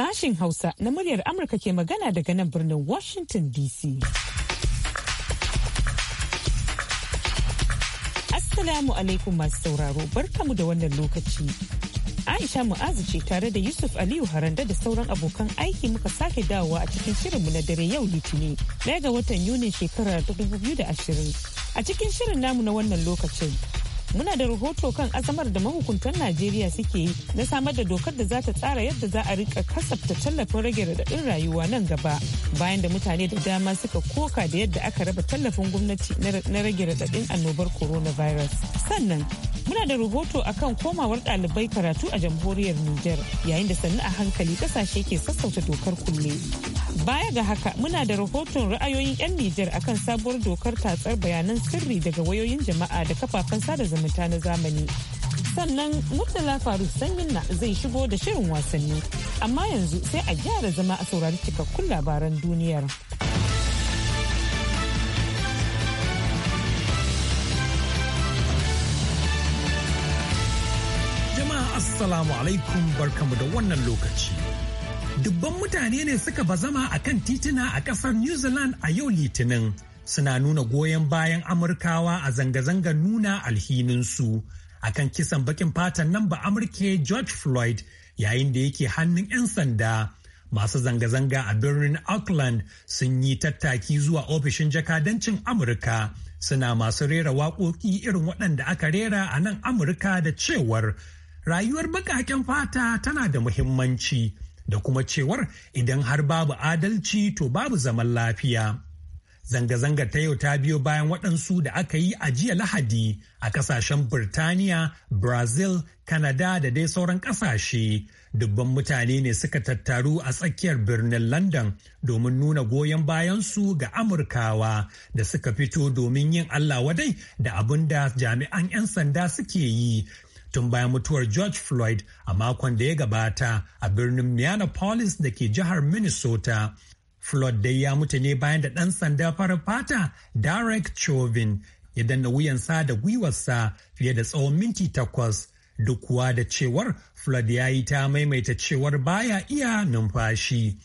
Sashin Hausa na muryar Amurka ke magana daga nan birnin Washington DC. Assalamu alaikum masu sauraro barkamu da wannan lokaci. Aisha Mu'azu ce tare da Yusuf Aliyu Haranda da sauran abokan aiki muka sake dawowa a cikin shirinmu na dare yau litini ɗaya ga watan Yunin shekarar 2020. A cikin shirin namu na wannan lokacin muna da rahoto kan azamar da mahukuntan najeriya suke yi na samar da dokar da za ta tsara yadda za a rika kasafta tallafin rage radadin rayuwa nan gaba bayan da mutane da dama suka koka da yadda aka raba tallafin gwamnati na rage radadin annobar coronavirus sannan muna da rahoto akan komawar ɗalibai karatu a jamhuriyar niger yayin da sannu a hankali ƙasashe ke sassauta dokar kulle baya ga haka muna da rahoton ra'ayoyin 'yan niger akan sabuwar dokar tatsar bayanan sirri daga wayoyin jama'a da kafafen sada zumunta na zamani. Sannan Murtala Faru sanyin na zai shigo da shirin wasanni. Amma yanzu sai a gyara zama a saurari cikakkun labaran duniyar. Jama'a Assalamu alaikum barkamu da wannan lokaci. Dubban mutane ne suka bazama a kan tituna a kasar New Zealand a yau Litinin. suna nuna goyon bayan amurkawa a zanga zanga nuna alhininsu A kan kisan bakin fatan nan ba amurke george floyd yayin da yake hannun 'yan sanda masu zanga-zanga a birnin auckland sun yi tattaki zuwa ofishin jakadancin amurka suna masu rera waƙoƙi irin waɗanda aka rera a nan amurka da cewar rayuwar baƙaƙen fata tana da muhimmanci da kuma cewar idan har babu adalci to babu zaman lafiya. zanga zanga ta yau ta biyo bayan waɗansu da aka yi a jiya Lahadi a ƙasashen Birtaniya, Brazil, Canada da dai sauran ƙasashe. Dubban mutane ne suka tattaru a tsakiyar birnin London domin nuna goyon bayansu ga Amurkawa da suka fito domin yin Allah wadai da abin da jami'an 'yan sanda suke yi tun bayan mutuwar George Floyd a makon da ya gabata a birnin Minneapolis da ke jihar Minnesota. Floyd dai ya mutu ne bayan da ɗan sanda fara fata Derek Chauvin ya danna wuyansa da gwiwarsa fiye da tsawon minti takwas duk kuwa da cewar Floyd ya yi ta maimaita cewar baya iya numfashi.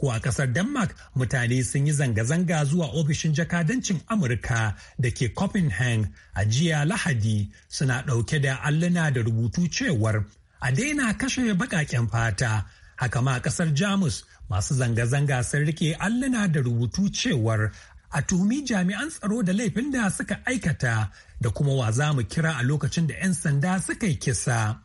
Ko a kasar Denmark mutane sun yi zanga-zanga zuwa ofishin jakadancin Amurka da ke Copenhagen a jiya Lahadi suna ɗauke da alluna da rubutu cewar a daina kashe baƙaƙen fata Haka ma a ƙasar Jamus masu zanga-zanga sun rike alluna da rubutu cewar a tuhumi jami'an tsaro da laifin da suka aikata da kuma wa za mu kira a lokacin da 'yan sanda suka yi kisa.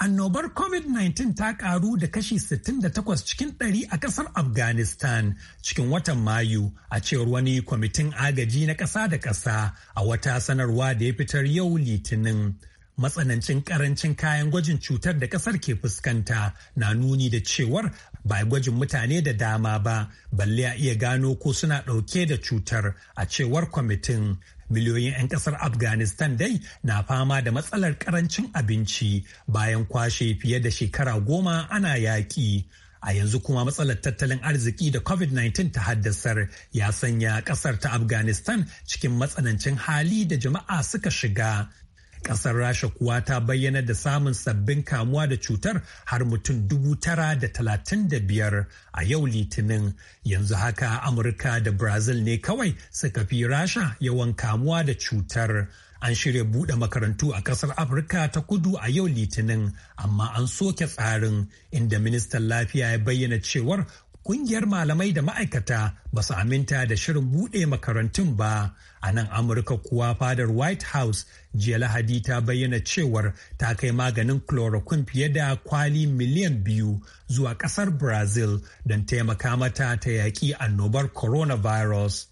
Annobar COVID-19 ta karu da kashi 68 cikin 100 a kasar Afghanistan cikin watan Mayu a cewar wani kwamitin agaji na ƙasa da ƙasa a wata sanarwa da ya fitar yau Litinin. matsanancin karancin kayan gwajin cutar da kasar ke fuskanta na nuni da cewar ba gwajin mutane da dama ba balle a iya gano ko suna ɗauke da cutar a cewar kwamitin miliyoyin 'yan kasar afghanistan dai na fama da matsalar karancin abinci bayan kwashe fiye da shekara goma ana yaƙi a yanzu kuma matsalar tattalin arziki da covid-19 ta haddasar ya sanya kasar ta afghanistan cikin matsanancin hali da jama'a suka shiga Kasar Rasha kuwa ta bayyana da samun sabbin kamuwa da cutar har mutum dubu tara da talatin da biyar a yau litinin. Yanzu haka Amurka da Brazil ne kawai suka fi Rasha yawan kamuwa da cutar. An shirya buɗe makarantu a ƙasar Afirka ta kudu a yau litinin, amma an soke tsarin inda ministan lafiya ya bayyana cewar kungiyar malamai da ma'aikata ba su aminta da shirin buɗe makarantun ba a nan amurka kuwa fadar white house jiya lahadi ta bayyana cewar ta kai maganin chloroquine fiye da kwali miliyan biyu zuwa ƙasar brazil don taimaka mata ta yaƙi annobar coronavirus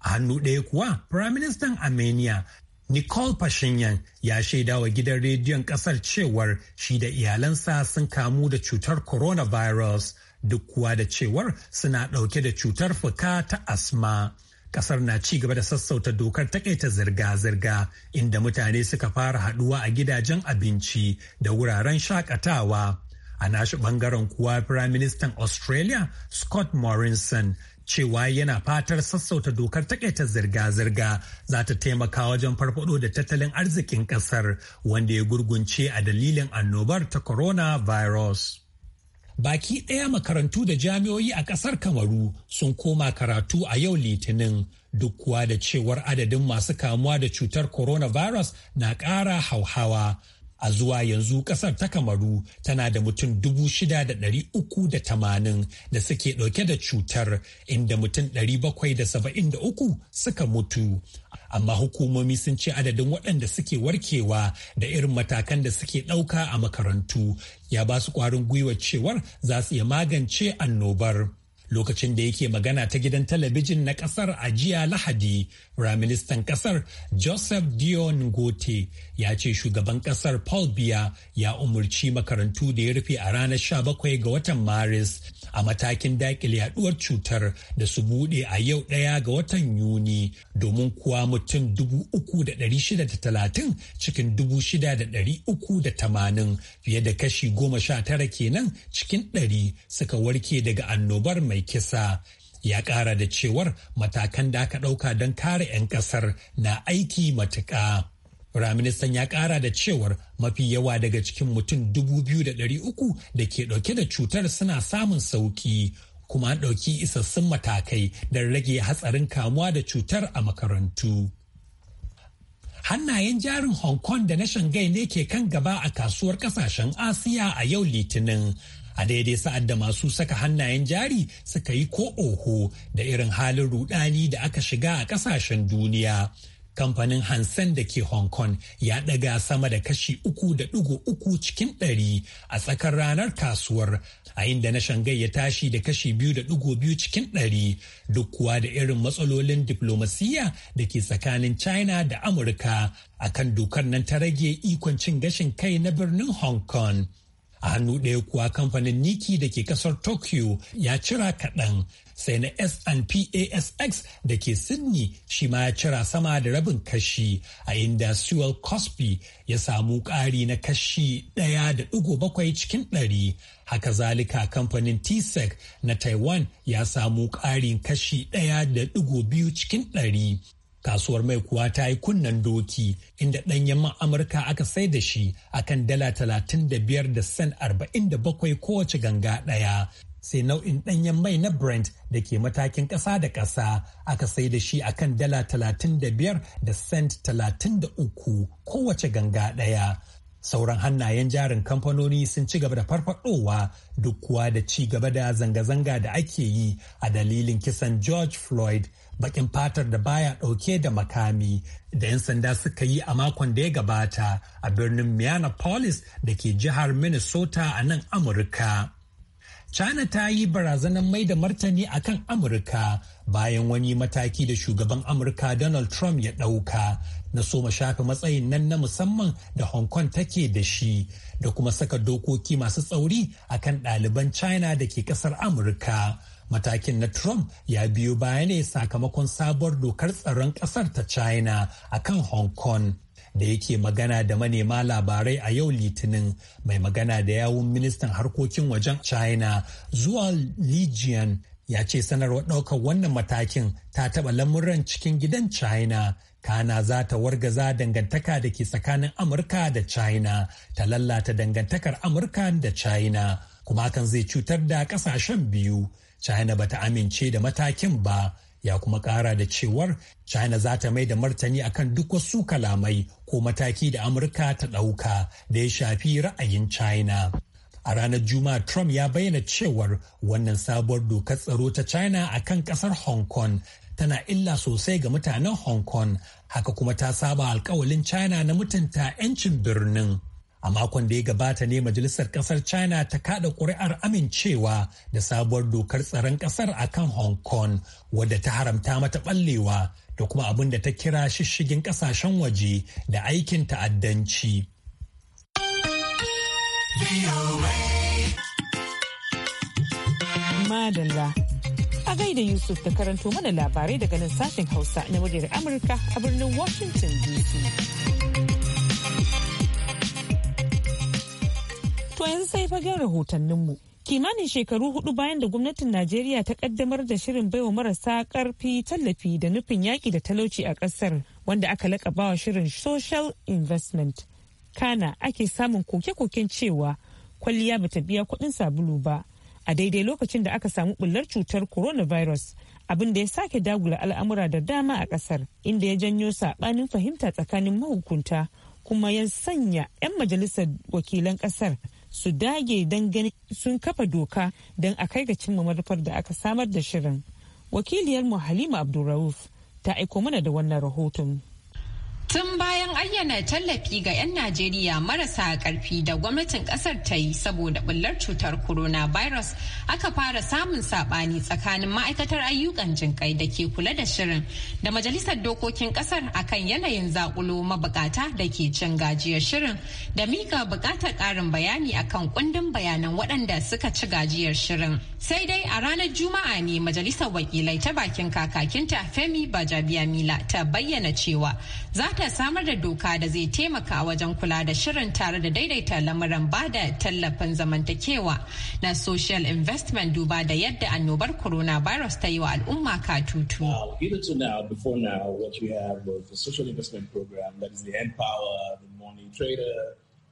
a hannu ɗaya kuwa Prime firaministan armenia Nicole Pashinyan ya shaida wa gidan rediyon ƙasar cewar shi da iyalansa sun kamu da cutar coronavirus duk kuwa da cewar suna ɗauke da cutar fuka ta asma. Kasar na ci gaba da sassauta dokar takaita zirga-zirga inda mutane suka fara haɗuwa a gidajen abinci da wuraren shakatawa. A nashi ɓangaren kuwa Firaministan Australia Scott Morrison cewa yana fatar sassauta dokar takaita zirga-zirga za ta taimaka wajen farfado da tattalin arzikin kasar wanda ya gurgunce a dalilin annobar ta coronavirus. baki ɗaya makarantu da jami'oyi a ƙasar kamaru sun koma karatu a yau litinin duk kuwa da cewar adadin masu kamuwa da cutar coronavirus na ƙara hauhawa a zuwa yanzu kasar ta kamaru tana da mutum dubu shida da ɗari uku da tamanin da suke ɗauke da cutar inda mutum ɗari bakwai da saba'in da uku suka mutu amma hukumomi sun ce adadin waɗanda suke warkewa da irin matakan da suke ɗauka a makarantu ya ba su ƙwarin gwiwa cewar za su iya magance annobar lokacin da yake magana ta gidan talabijin na kasar a jiya lahadi raministan kasar joseph dion gote ya ce shugaban kasar paul biya ya umarci makarantu da ya rufe a ranar 17 ga watan maris a matakin dakile yaduwar cutar da su bude a yau daya ga watan yuni domin kuwa mutum 3,630 cikin 6,380 fiye da kashi 19 kenan cikin 100 suka warke daga annobar mai mai kisa ya ƙara da cewar matakan da aka ɗauka don kare 'yan ƙasar na aiki matuƙa. Firaministan ya ƙara da cewar mafi yawa daga cikin mutum dubu biyu da ɗari uku da ke ɗauke da cutar suna samun sauƙi, kuma an ɗauki isassun matakai don rage hatsarin kamuwa da cutar a makarantu. hannayen jarin hong kong da na shanghai ne ke kan gaba a kasuwar kasashen asiya a yau litinin a daidai sa'ad da masu saka hannayen jari suka yi ko oho da irin halin rudani da aka shiga a kasashen duniya kamfanin Hansen da ke Hong Kong ya daga sama da kashi uku da dugu uku cikin ɗari a tsakar ranar kasuwar a inda na Shangai ya tashi da kashi biyu da dugu biyu cikin ɗari duk kuwa da irin matsalolin diplomasiyya da ke tsakanin China da Amurka akan dokar nan ta rage ikon cin gashin kai na birnin Hong Kong. a hannu ɗaya kuwa kamfanin niki da ke kasar tokyo ya cira kaɗan sai na snpasx da ke sydney shi ma ya cira sama da rabin kashi a inda sewell cosby ya samu ƙari na kashi ɗaya da ɗigo bakwai cikin ɗari haka zalika kamfanin tsec na taiwan ya samu ƙarin kashi ɗaya da ɗigo biyu cikin ɗari kasuwar mai kuwa ta yi kunnen doki inda ɗanyen man amurka aka sai da shi akan dala talatin da biyar da sen arba'in da bakwai kowace ganga ɗaya sai nau'in ɗanyen mai na brent da ke matakin ƙasa da ƙasa aka sai da shi akan dala talatin da biyar da cent talatin da uku kowace ganga ɗaya sauran hannayen jarin kamfanoni sun ci gaba da farfadowa duk kuwa da ci gaba da zanga-zanga da ake yi a dalilin kisan george floyd bakin fatar da baya ɗauke da makami da 'yan sanda suka yi a makon da ya gabata a birnin Minneapolis da ke jihar Minnesota a nan Amurka. China ta yi barazanar mai da martani a kan Amurka bayan wani mataki da shugaban Amurka Donald Trump ya ɗauka na so soma shafe matsayin nan na musamman da Hong Kong take da shi da kuma saka dokoki masu tsauri a kan ɗaliban China da ke ƙasar Amurka. Matakin na Trump ya biyo baya ne sakamakon sabuwar dokar tsaron kasar ta China a kan Hong Kong. Da yake magana da manema labarai a yau Litinin mai magana da yawun ministan harkokin wajen China zuwa Lijian ya ce sanarwar ɗaukar wannan matakin ta taɓa lamuran cikin gidan China. Kana za ta wargaza dangantaka da ke tsakanin Amurka da China, ta lallata dangantakar Amurka da China, kuma hakan zai cutar da ƙasashen biyu. china bata amince da matakin ba ya kuma kara da cewar china za ta mai da martani akan duk wasu kalamai ko mataki da amurka ta ɗauka da ya shafi ra'ayin china a ranar juma'a trump ya bayyana cewar wannan sabuwar dokar tsaro ta china akan kasar hong kong tana illa sosai ga mutanen hong kong haka kuma ta saba alkawalin china na mutunta 'yancin birnin A makon da ya gabata ne Majalisar Kasar China ta kada kuri'ar amincewa da sabuwar dokar tsaron kasar akan Hong Kong wadda ta haramta mata ballewa da kuma abin da ta kira shishigin kasashen waje da aikin ta'addanci. Madalla a gaida Yusuf da karanto mana labarai daga nan sashen Hausa na muryar Amurka a birnin Washington DC. To yanzu sai fagen rahotanninmu. Kimanin shekaru hudu bayan da gwamnatin Najeriya ta kaddamar da shirin baiwa marasa karfi tallafi da nufin yaƙi da talauci a ƙasar wanda aka lakabawa shirin social investment. Kana ake samun koke-koken cewa kwalliya bata biya kuɗin sabulu ba a daidai lokacin da aka samu bullar cutar coronavirus abin da ya sake dagula al'amura da dama a ƙasar inda ya janyo saɓanin fahimta tsakanin mahukunta kuma ya sanya 'yan majalisar wakilan ƙasar. su dage don ganin sun kafa doka don a kai ga cimma manufar da aka samar da shirin wakiliyar mu halima abdulrauf ta aiko mana da wannan rahoton Tun bayan ayyana tallafi ga 'yan Najeriya marasa karfi da gwamnatin kasar ta yi saboda bullar cutar Corona Virus aka fara samun sabani tsakanin ma'aikatar ayyukan jinkai da ke kula da shirin da majalisar dokokin kasar akan yanayin zakulo mabukata da ke cin gajiyar shirin da mika bukatar karin bayani akan kundin bayanan waɗanda suka ci gajiyar shirin. Sai dai a ranar Juma'a ne majalisar wakilai ta bakin kakakinta Femi Bajabiamila ta bayyana cewa za ta samar da doka da zai taimaka wajen kula da shirin tare da daidaita lamuran ba da tallafin zamantakewa na social investment duba da yadda annobar coronavirus ta yi wa al'umma ka tutu. Now,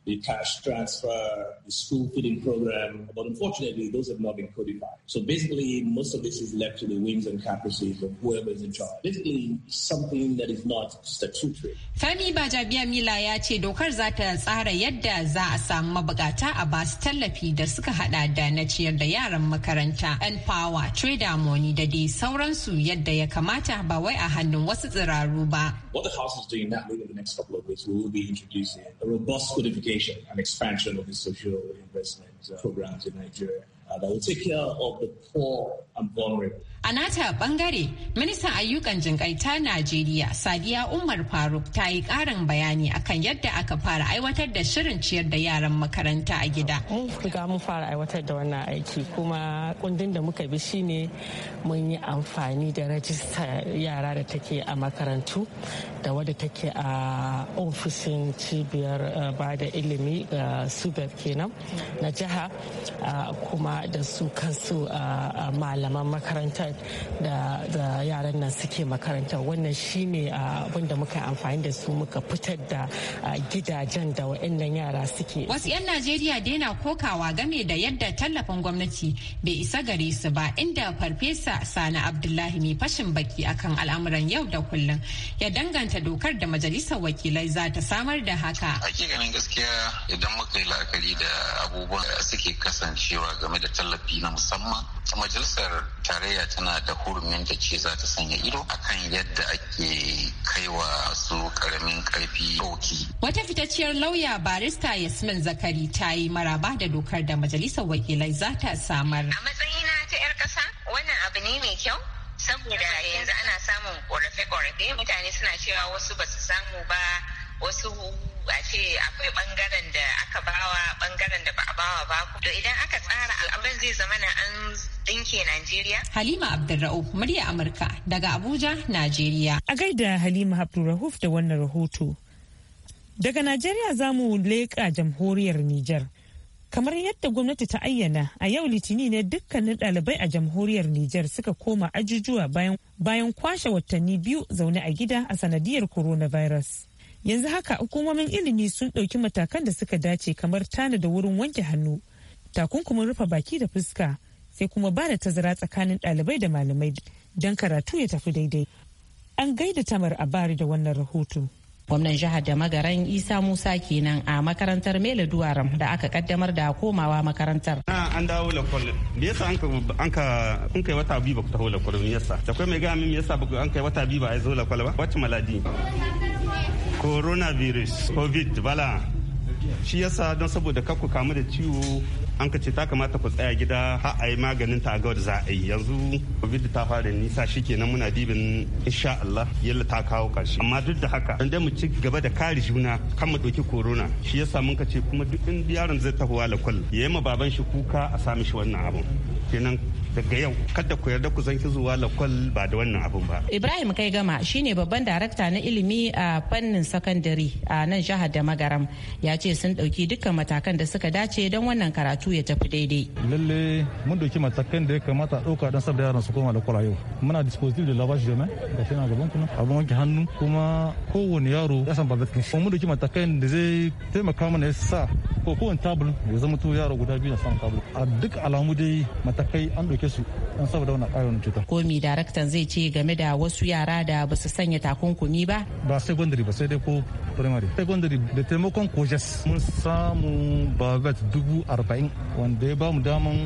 the cash transfer, the school feeding program, but unfortunately, those have not been codified. So basically, most of this is left to the whims and caprices of whoever is in charge. Basically, something that is not statutory. Fani Bajabiya Mila ya ce dokar za ta tsara yadda za a samu mabukata a basu tallafi da suka hada da na ciyar da yaran makaranta, ‘yan power, trader money da dai sauransu yadda ya kamata ba wai a hannun wasu tsiraru ba. What the House is doing now, within the next couple of weeks, we will be introducing a robust codification implementation and expansion of the social investment programs in Nigeria uh, that will take care of the poor and vulnerable. A nata bangare, ministan ayyukan jinkai ta Najeriya, Sadiya Umar Faruk ta yi karin bayani akan yadda aka fara aiwatar da shirin ciyar da yaran makaranta a gida. Mun riga mun fara aiwatar da wannan aiki kuma kundin da muka bi shine mun yi amfani da rajista yara da take a makarantu da wadda take a ofishin cibiyar eh, ba da ilimi eh, subeb kenan na jiha eh, kuma da su kansu malaman makaranta da yaran nan suke makaranta wannan shine ah, abin da muka amfani da su muka fitar da ah, gidajen da wa'annan yara suke wasu 'yan najeriya daina kokawa game da yadda tallafin gwamnati bai isa gare su ba inda farfesa sani abdullahi mai fashin baki akan al'amuran yau da kullum ya danganta dokar da majalisar wakilai za ta samar da haka hakikanin gaskiya idan muka yi la'akari da abubuwan da suke kasancewa game da tallafi na musamman majalisar tarayya ta tana da hurumin da ce za ta sanya ido a kan yadda ake kaiwa su karamin karfi doki. Wata fitacciyar lauya barista Yasmin Zakari ta yi maraba da dokar da majalisar wakilai za ta samar. A matsayina ta 'yar ƙasa wannan abu ne mai kyau saboda yanzu ana samun ƙorafe-ƙorafe mutane suna cewa wasu ba su samu ba wasu a ce akwai bangaren da aka bawa bangaren da ba a bawa ba to idan aka tsara al'amuran zai zama na an dinke Najeriya. Halima Abdulra'uf murya Amurka daga Abuja, Najeriya. A gaida Halima Abdulra'uf da wannan rahoto. Daga Najeriya za mu leƙa jamhuriyar Nijar. Kamar yadda gwamnati ta ayyana a yau litini ne dukkanin ɗalibai a jamhuriyar Nijar suka koma ajujuwa bayan kwashe watanni biyu zaune a gida a sanadiyar coronavirus. yanzu haka hukumomin ilimi sun ɗauki matakan da suka dace kamar tana da wurin wanke hannu takunkumin rufe baki da fuska sai kuma ba da tazara tsakanin ɗalibai da malamai don karatu ya tafi daidai an gaida tamar a bari da wannan rahoto gwamnan jihar da magaran isa musa kenan a makarantar mele duwaram da aka kaddamar da komawa makarantar ah, an dawo lakwal me yasa an ka kun kai wata biyu ba ku taho lakwal me yasa da kai mai gami me yasa ba an kai wata biyu ba a zo lakwal ba wacce maladi coronavirus covid bala shi yasa don saboda ku kamu da ciwo an ka ce ta kamata ku tsaya gida har a yi maganin ta ga za a yi yanzu covid ta fara nisa shi shikenan muna dibin insha Allah yalla ta kawo karshe amma duk da haka dan mu ci gaba da kare juna kan mu dauki corona shi yasa mun ka ce kuma duk in yaron zai tahowa la ya yi ma baban shi kuka a sami shi wannan abun kenan daga yau kada ku yarda ku zan zuwa lakwal ba da wannan abun ba ibrahim kai gama shine babban darakta na ilimi a fannin sakandare a nan jihar da magaram ya ce sun dauki dukkan matakan da suka dace don wannan karatu ya tafi daidai lalle mun dauki matakan da ya kamata dauka don saboda yaran su koma lakwal a yau muna dispositif da labashi jama'a da shi na gaban kuma abin wanke hannu kuma kowane yaro ya san babbar kishi mun dauki matakan da zai taimaka mana ya sa ko kowane tabul ya zama to yaro guda biyu na samun tabul a duk alamu dai matakai an dauki ɗauke su don saboda wannan wani cuta. Komi daraktan zai ce game da wasu yara da ba su sanya takunkumi ba? Ba secondary ba sai dai ko primary. Secondary da taimakon kojas mun samu bavet dubu arba'in wanda ya ba mu daman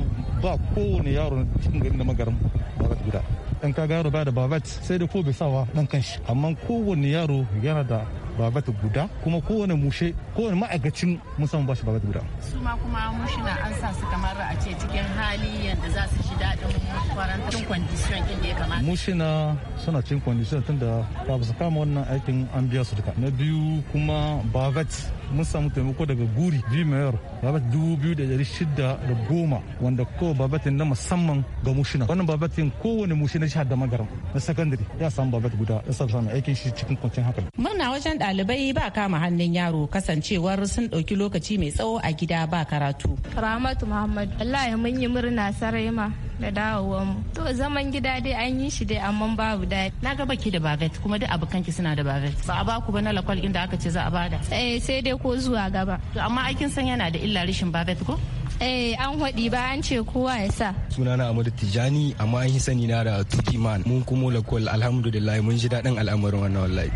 ba kowane yaro cikin garin da magarin bavet guda. Dan ka yaro ba da bavet sai dai ko bai sawa nan kanshi amma kowane yaro yana da babata guda kuma kowane mushe kowane ma'aikacin mun samu bashi babata guda su ma kuma na an sa su kamar a ce cikin hali yadda za su shi daɗin kwarantin kwandishiyon inda ya kamata na suna cikin kwandishiyon tunda ba su kama wannan aikin an biya su duka na biyu kuma bavat mun samu taimako daga guri gmail babat dubu biyu da dari shida da goma wanda ko babatin na musamman ga mushina wannan babatin kowane mushina jihar da magaram na sakandare ya samu babat guda ya samu samun aikin shi cikin kwanciyar hankali. murna wajen ɗalibai ba kama hannun yaro kasancewar sun ɗauki lokaci mai tsawo a gida ba karatu. ramatu muhammad wallahi mun yi murna sarai ma da dawowanmu to zaman gida dai an yi shi dai amma babu daɗi na ga baki da bavet kuma duk abokanki suna da bavet ba a baku ba na lakwal inda aka ce za a bada eh sai dai ko zuwa gaba to amma aikin san yana da illa rashin bavet ko Eh an haɗi ba an ce kowa ya sa. Sunana Amadu Tijani amma an yi sani na da Tuki Man. Mun kuma lakol alhamdulillah mun ji daɗin al'amarin wannan wallahi.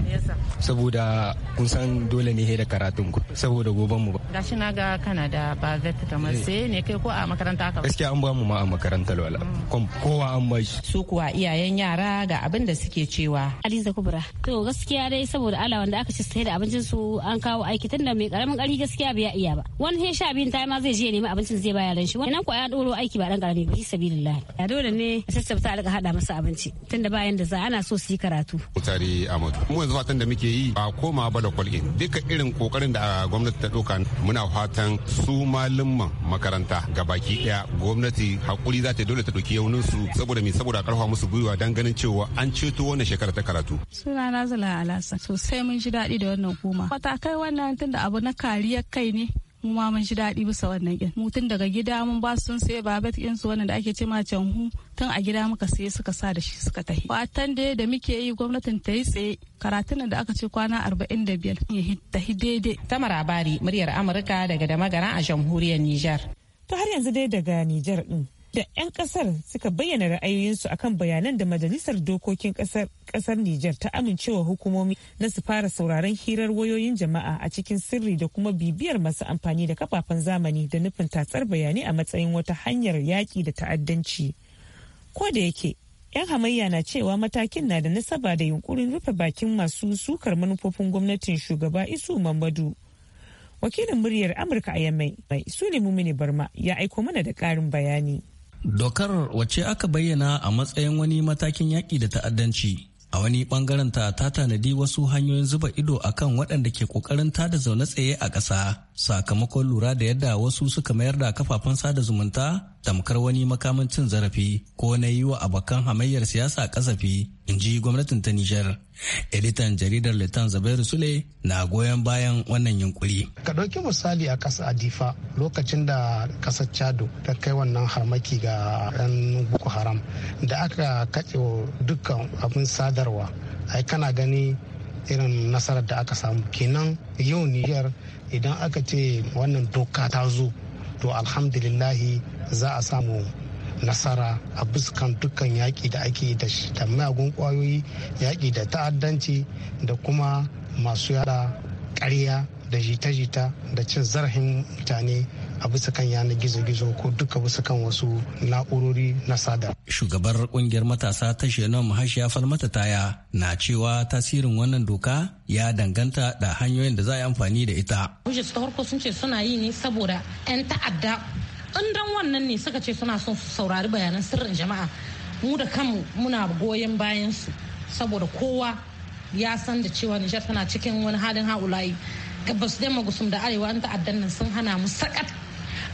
Saboda kun san dole ne da karatun ku saboda goban mu ba. Gashi na ga Canada ba bavet kamar eh. sai ne kai ko a makaranta ka. Gaskiya an ba mu ma a makarantar wala. Mm. Kowa an ba shi. Su kuwa iyayen yara ga abin da suke cewa. Aliza Kubra. To gaskiya dai saboda Allah wanda aka ci sai da abincin su an kawo aiki tunda mai karamin ƙarfi gaskiya bai iya ba. Wani he sha biyun ta ma zai je nemi abincin mutum zai baya yaran shi wannan ko ya doro aiki ba dan karami ba sabilillah ya dole ne sassafta ta alka hada masa abinci tunda bayan da za ana so su yi karatu mutare amadu mu yanzu fatan da muke yi ba koma ba da kwalin duka irin kokarin da ah, gwamnati ta doka muna fatan su malumman makaranta gabaki daya gwamnati hakuri za ta dole ta doki yaunin su saboda me saboda karfa musu gwiwa dan ganin cewa an ceto wannan shekara ta karatu suna nazala alasa sosai mun ji daɗi da wannan kuma. matakai wannan tunda abu na kariyar kai ne mu ma mun ji daɗi bisa wannan kin mu tun daga gida mun ba sun sai babet ɗin su wannan da ake ce ma canhu tun a gida muka sai suka sa da shi suka tafi watan da da muke yi gwamnatin ta yi tsaye karatun da aka ce kwana 45 ya tafi daidai ta marabari muryar amurka daga da magana a jamhuriyar nijar. to har yanzu dai daga nijar din da 'yan kasar suka bayyana ra'ayoyinsu akan bayanan da majalisar dokokin kasar Nijar ta amincewa hukumomi na su fara sauraron hirar wayoyin jama'a a cikin sirri da kuma bibiyar masu amfani da kafafen zamani da nufin tatsar bayanai a matsayin wata hanyar yaƙi da ta'addanci. Ko da yake 'yan hamayya na cewa matakin na da nasaba da yunkurin rufe bakin masu sukar manufofin gwamnatin shugaba isu mamadu wakilin muryar amurka a yammai su ne mumini barma ya aiko mana da ƙarin bayani Dokar wacce aka bayyana a matsayin wani matakin yaƙi da ta'addanci a wani ɓangaren ta ta tanadi wasu hanyoyin zuba ido a kan waɗanda ke ƙoƙarin ta da zaune tsaye a ƙasa sakamakon lura da yadda wasu suka mayar da kafafen sada zumunta tamkar wani makamin cin zarafi ko na yi wa abokan hamayyar siyasa ƙasafi in ji gwamnatin ta Nijar. editan jaridar litan zabairu sule na goyon bayan wannan yunkuri ka ɗauki misali a ƙasa adifa lokacin da ƙasar chado ta kai wannan harmaki ga 'yan boko haram da aka kace dukkan abin sadarwa ai kana gani irin nasarar da aka samu kenan yau yar idan aka ce wannan doka ta zo to alhamdulillahi za a samu nasara a fuskan dukkan yaƙi da ake da miyagun ƙwayoyi yaƙi da ta'addanci da kuma masu yada ƙarya da jita-jita da cin zarafin mutane a bisa kan yanar gizo-gizo ko duka bisa kan wasu na'urori na sada. Shugabar kungiyar matasa ta Shenom Hashiya Falmata Taya na cewa tasirin wannan doka ya danganta da hanyoyin da za a yi amfani da ita. Hujjar ta farko sun ce suna yi ne saboda 'yan ta'adda in dan wannan ne suka ce suna son su saurari bayanan sirrin jama'a mu da kanmu muna goyon bayan su saboda kowa ya san da cewa Nijar tana cikin wani halin haulayi gabas da magusum da arewa an ta'addan nan sun hana mu sakat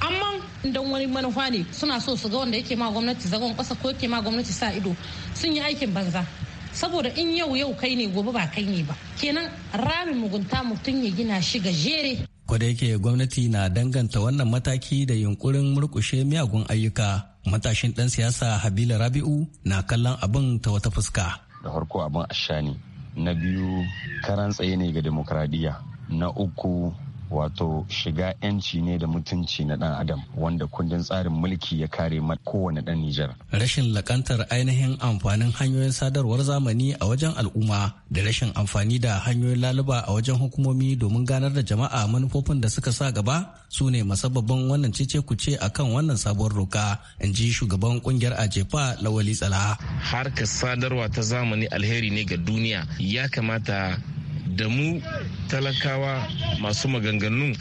amma don wani manufa ne suna so su ga wanda yake ma gwamnati zagon kasa ko yake ma gwamnati sa ido sun yi aikin banza saboda in yau yau kai ne gobe ba kai ne ba kenan ramin mugunta mutum ya gina shi ga jere. yake gwamnati na danganta wannan mataki da yunkurin murkushe miyagun ayyuka matashin ɗan siyasa habila rabi'u na kallon abin ta wata fuska da farko abin ashani na biyu karan tsaye ne ga demokradiyya na uku wato shiga 'yanci ne da mutunci na dan adam wanda kundin tsarin mulki ya kare ma kowane dan Nijar. Rashin lakantar ainihin amfanin hanyoyin sadarwar zamani a wajen al'umma da rashin amfani da hanyoyin laluba a wajen hukumomi domin ganar da jama'a manufofin da suka sa gaba su ne masababin wannan cece kuce a kan wannan sabuwar roka in ji shugaban kungiyar ajefa lawali tsala. Harkar sadarwa ta zamani alheri ne ga duniya ya kamata da mu talakawa masu maganganu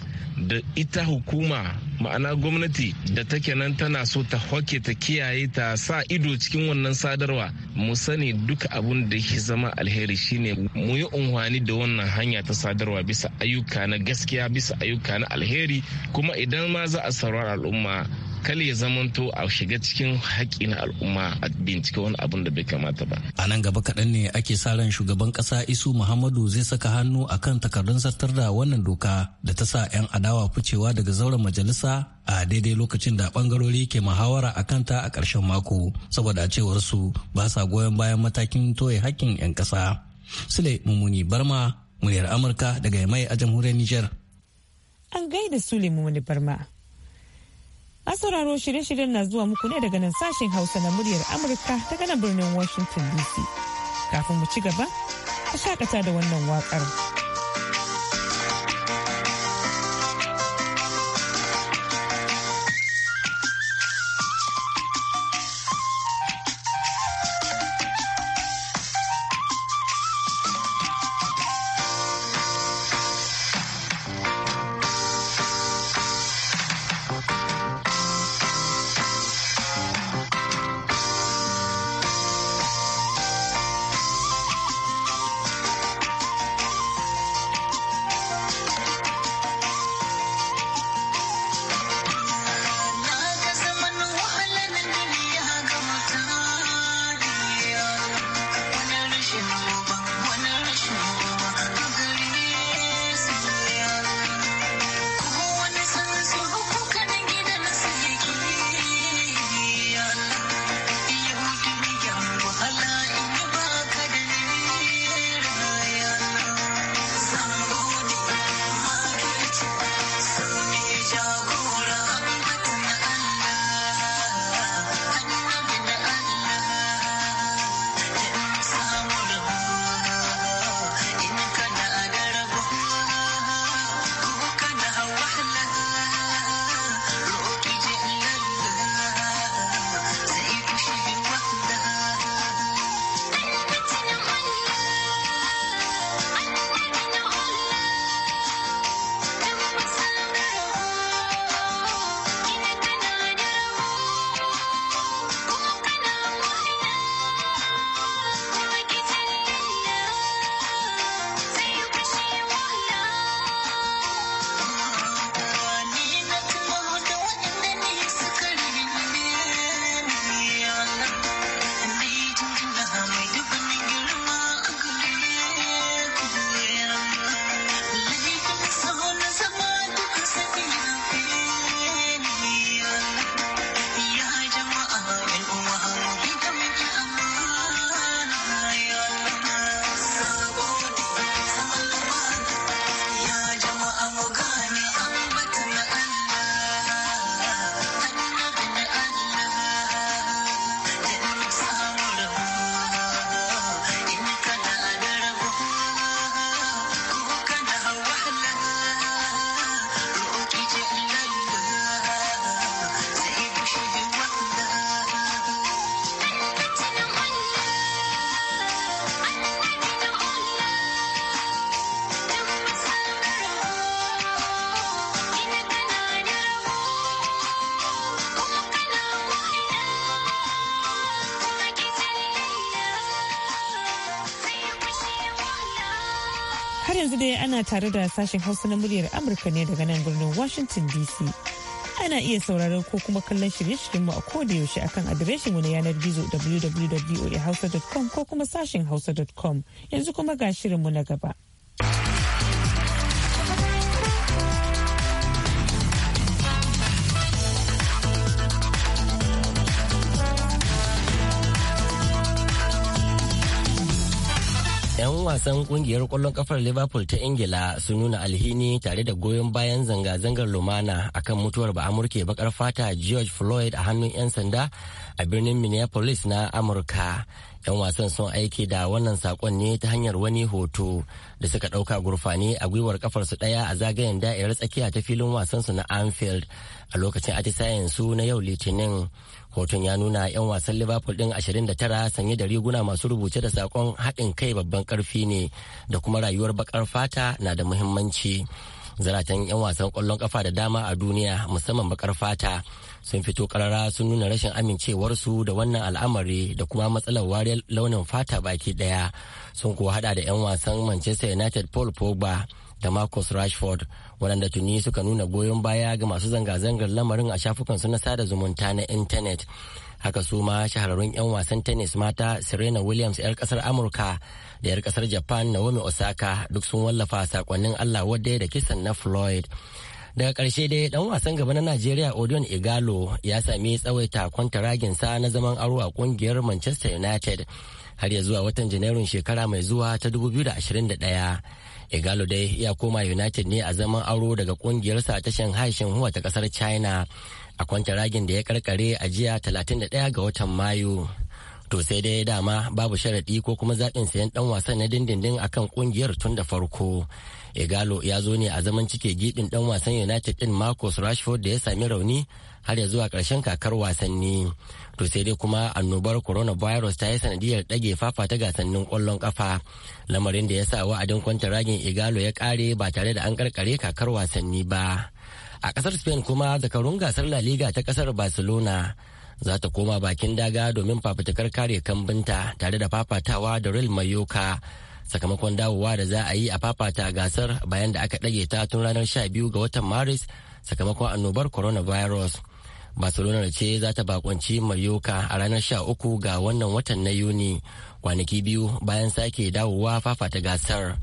da ita hukuma ma'ana gwamnati da take nan tana so ta hoke ta kiyaye ta sa ido cikin wannan sadarwa mu sani duka abun da ke zama alheri shine mu yi unhwani da wannan hanya ta sadarwa bisa ayyuka na gaskiya bisa ayyuka na alheri kuma idan ma za a saurar al'umma kale ya zamanto a shiga cikin haƙƙi na al'umma a bincike wani abun da bai kamata ba a nan gaba kaɗan ne ake sa ran shugaban ƙasa isu muhammadu zai saka hannu a kan takardun Sartar da wannan doka da ta sa 'yan adawa ficewa daga zauren majalisa a daidai lokacin da bangarori ke muhawara a kanta a ƙarshen mako saboda cewar su ba sa goyon bayan matakin toye haƙƙin 'yan ƙasa. Sule Mumuni Barma, muryar Amurka daga yamai a jamhuriyar Nijar. An gaida Sule Mumuni Barma. A sauraro shirye-shiryen na zuwa muku ne daga nan sashen Hausa na muryar Amurka daga nan birnin Washington DC. Kafin mu ci gaba, a shakata da wannan waƙar. yanzu dai ana tare da sashen hausa na muryar amurka ne daga nan birnin washington dc ana iya sauraron ko kuma kallon shirye mu a koda yaushe akan adireshin mu na yanar gizo www.hausa.com ko kuma sashen hausa.com yanzu kuma ga shirin mu na gaba. wasan kungiyar kwallon kafar liverpool ta ingila sun nuna alhini tare da goyon bayan zanga-zangar lumana akan mutuwar ba amurke bakar fata george floyd a hannun 'yan sanda a birnin minneapolis na amurka 'yan wasan sun aiki da wannan sakon ne ta hanyar wani hoto da suka ɗauka gurfani a gwiwar kafarsu ɗaya a zagayen da'irar tsakiya ta filin wasansu na anfield a lokacin atisayen su na yau litinin hoton ya nuna 'yan wasan liverpool ɗin 29 sanye da riguna masu rubuce da sakon haɗin kai babban ƙarfi ne da kuma rayuwar baƙar fata na da muhimmanci. zaratan 'yan wasan kwallon kafa da dama a duniya musamman bakar fata sun fito karara sun nuna rashin amincewarsu da wannan al'amari da kuma matsalar wariyar launin fata baki daya sun kuwa hada da 'yan wasan manchester united paul pogba da marcus rashford waɗanda tuni suka nuna goyon baya ga masu zanga-zangar lamarin a shafukan shafukansu na sada zumunta na intanet haka su ma shahararrun 'yan wasan tennis mata serena williams 'yar kasar amurka da 'yar kasar japan naomi osaka duk sun wallafa sakonnin allah wadda da kisan na floyd daga karshe dai dan wasan gaba na najeriya odion igalo ya sami tsawaita kwantaraginsa na zaman aro a kungiyar manchester united har ya zuwa watan janairun shekara mai zuwa ta 2021 igalo dai ya koma united ne a zaman aro daga kungiyarsa a tashin haishin huwa ta kasar china a kwanta ragin da ya karkare a jiya 31 ga watan mayu to sai dai dama babu sharaɗi ko kuma zaɓin sayan ɗan wasan na dindindin akan ƙungiyar tun da farko igalo ya zo ne a zaman cike giɓin ɗan wasan united ɗin marcus rashford da ya sami rauni har ya zuwa ƙarshen kakar wasanni to sai dai kuma annobar coronavirus ta yi sanadiyar ɗage fafata gasannin kwallon ƙafa lamarin da ya sa wa'adin ragin igalo ya ƙare ba tare da an karkare kakar wasanni ba a ƙasar spain kuma zakarun gasar la liga ta ƙasar barcelona za ta koma bakin daga domin fafutukar kare kambinta tare da fafatawa da real mayoka sakamakon dawowa da za a yi a fafata gasar bayan da aka ɗage ta tun ranar 12 ga watan maris sakamakon annobar coronavirus barcelona ce za ta bakonci mayoka a ranar 13 ga wannan watan na yuni kwanaki biyu bayan sake dawowa fafata gasar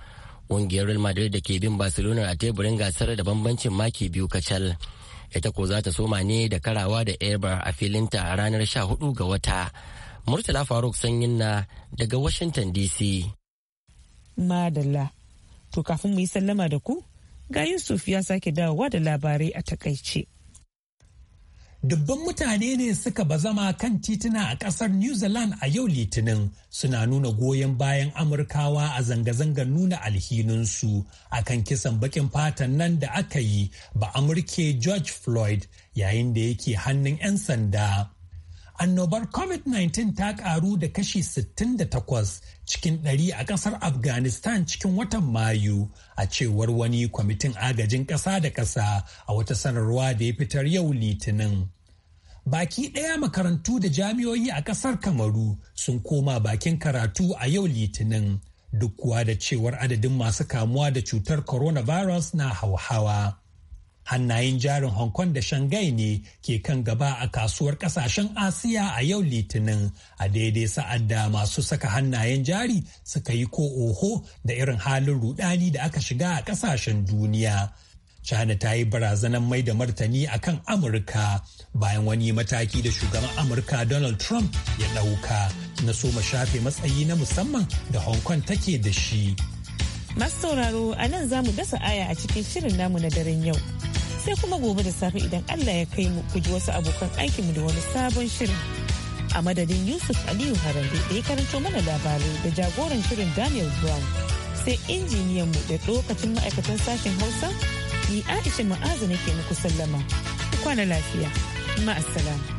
ƙungiyar real madrid da ke bin barcelona a teburin gasar da bambancin maki biyu kacal ita ko za ta soma ne da karawa da eber a filinta a ranar 14 ga wata murtala faruk sanyin na daga washington dc madalla to kafin mu yi sallama da ku ga yusuf ya sake dawowa da labarai a takaice dubban mutane ne suka bazama kan tituna a kasar new zealand a yau litinin suna nuna goyon bayan amurkawa a zanga-zangar nuna alhininsu a kan kisan bakin fatan nan da aka yi ba amurke george floyd yayin da yake hannun 'yan sanda annobar covid-19 ta karu da kashi 68 cikin 100 a kasar afghanistan cikin watan mayu a cewar wani kwamitin agajin ƙasa da ƙasa a wata sanarwa da ya fitar yau litinin Baki ɗaya makarantu da jami'oyi a ƙasar Kamaru sun koma bakin karatu a yau Litinin. Duk kuwa da cewar adadin masu kamuwa da cutar coronavirus na hauhawa. Hannayen jarin Hong Kong da Shanghai ne ke kan gaba a kasuwar kasashen Asiya a yau Litinin a daidai sa'ad da masu saka hannayen jari suka yi ko oho da irin halin rudani da aka shiga a kasashen duniya. China ta yi barazanar mai da martani akan Amurka bayan wani mataki da shugaban Amurka Donald Trump ya ɗauka na so ma shafe matsayi na musamman da Hong Kong take da shi. Masu sauraro a nan za mu dasa aya a cikin shirin namu na daren yau. Sai kuma gobe da safe idan Allah ya kai mu kuji wasu abokan aikinmu da wani sabon shirin. A madadin Yusuf Aliyu Harambe da ya karanto mana labarai da jagoran shirin Daniel Brown. Sai injiniyan mu da lokacin ma'aikatan sashen Hausa ni aisha ma'azu nake muku sallama kwana lafiya ma'asala.